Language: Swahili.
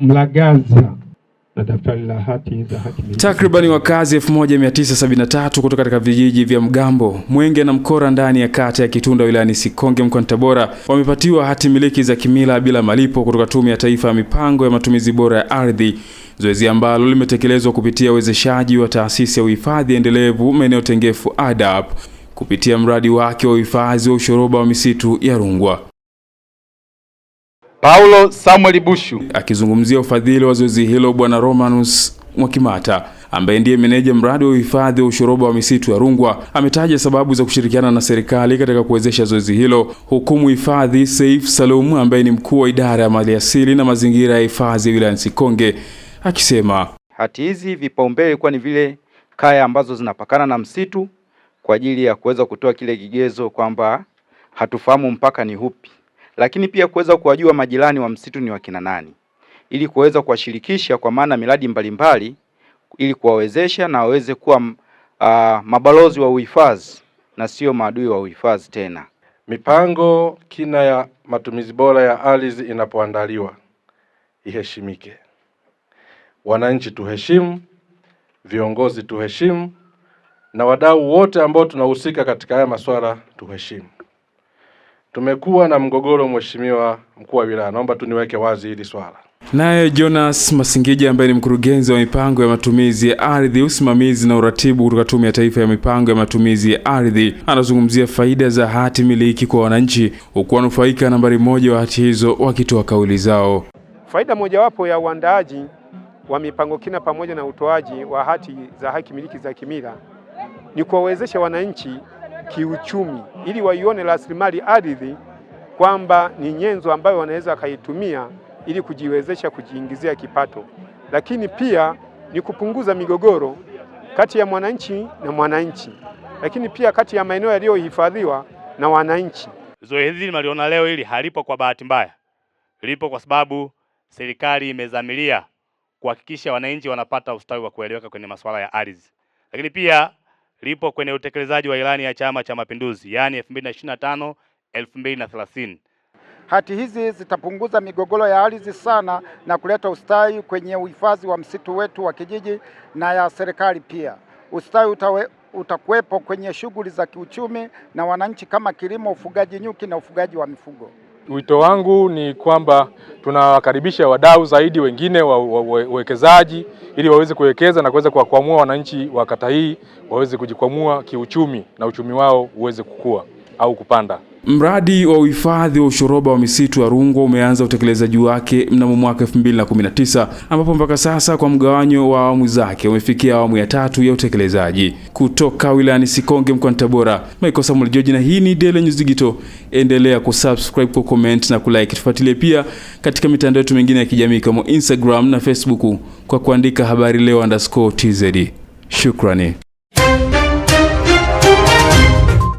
Mlagaza na daftari la hati za Takribani wakazi 1973 kutoka katika vijiji vya Mgambo, Mwenge na Mkora ndani ya kata ya Kitunda wilayani Sikonge mkoani Tabora wamepatiwa hati miliki za kimila bila malipo kutoka Tume ya Taifa ya Mipango ya Matumizi Bora ya Ardhi, zoezi ambalo limetekelezwa kupitia uwezeshaji wa Taasisi ya Uhifadhi Endelevu Maeneo Tengefu ADAP kupitia mradi wake wa uhifadhi wa ushoroba wa misitu ya Rungwa. Paulo Samuel Bushu. Akizungumzia ufadhili wa zoezi hilo, Bwana Romanus Mwakimata ambaye ndiye meneja mradi wa uhifadhi wa ushoroba wa misitu ya Rungwa ametaja sababu za kushirikiana na serikali katika kuwezesha zoezi hilo, huku mhifadhi Saif Salum ambaye ni mkuu wa idara ya maliasili na mazingira ya hifadhi ya wilaya Sikonge akisema hati hizi vipaumbele ilikuwa ni vile kaya ambazo zinapakana na msitu kwa ajili ya kuweza kutoa kile kigezo kwamba hatufahamu mpaka ni hupi lakini pia kuweza kuwajua majirani wa msitu ni wakina nani, ili kuweza kuwashirikisha kwa maana miradi mbalimbali, ili kuwawezesha na waweze kuwa uh, mabalozi wa uhifadhi na sio maadui wa uhifadhi tena. Mipango kina ya matumizi bora ya ardhi inapoandaliwa iheshimike. Wananchi tuheshimu, viongozi tuheshimu, na wadau wote ambao tunahusika katika haya masuala tuheshimu. Tumekuwa na mgogoro, mheshimiwa mkuu wa wilaya, naomba tuniweke wazi hili swala. Naye Jonas Masingija ambaye ni mkurugenzi wa mipango ya matumizi ya ardhi, usimamizi na uratibu kutoka Tume ya Taifa ya Mipango ya Matumizi ya Ardhi, anazungumzia faida za hati miliki kwa wananchi, huku wanufaika nambari moja wa hati hizo wakitoa wa kauli zao. Faida mojawapo ya uandaaji wa mipango kina pamoja na utoaji wa hati za haki miliki za kimila ni kuwawezesha wananchi kiuchumi, ili waione rasilimali ardhi kwamba ni nyenzo ambayo wanaweza wakaitumia ili kujiwezesha kujiingizia kipato, lakini pia ni kupunguza migogoro kati ya mwananchi na mwananchi, lakini pia kati ya maeneo yaliyohifadhiwa na wananchi. Zoezi hili maliona leo hili halipo kwa bahati mbaya, lipo kwa sababu serikali imezamilia kuhakikisha wananchi wanapata ustawi wa kueleweka kwenye masuala ya ardhi, lakini pia lipo kwenye utekelezaji wa ilani ya Chama cha Mapinduzi, yaani 2025 2030. Hati hizi zitapunguza migogoro ya ardhi sana na kuleta ustawi kwenye uhifadhi wa msitu wetu wa kijiji na ya serikali pia. Ustawi utawe, utakuwepo kwenye shughuli za kiuchumi na wananchi kama kilimo, ufugaji nyuki na ufugaji wa mifugo. Wito wangu ni kwamba tunawakaribisha wadau zaidi wengine wa uwekezaji ili waweze kuwekeza na kuweza kuwakwamua wananchi wa kata hii waweze kujikwamua kiuchumi na uchumi wao uweze kukua au kupanda. Mradi wa uhifadhi wa ushoroba wa misitu ya Rungwe umeanza utekelezaji wake mnamo mwaka 2019 ambapo mpaka sasa kwa mgawanyo wa awamu zake umefikia awamu ya tatu ya utekelezaji. Kutoka wilayani Sikonge mkoani Tabora, Michael Samuel George, na hii ni Daily News Digital. Endelea kusubscribe, comment na kulike. Tufuatilie pia katika mitandao yetu mingine ya kijamii kama Instagram na Facebook kwa kuandika habari leo underscore tz. Shukrani.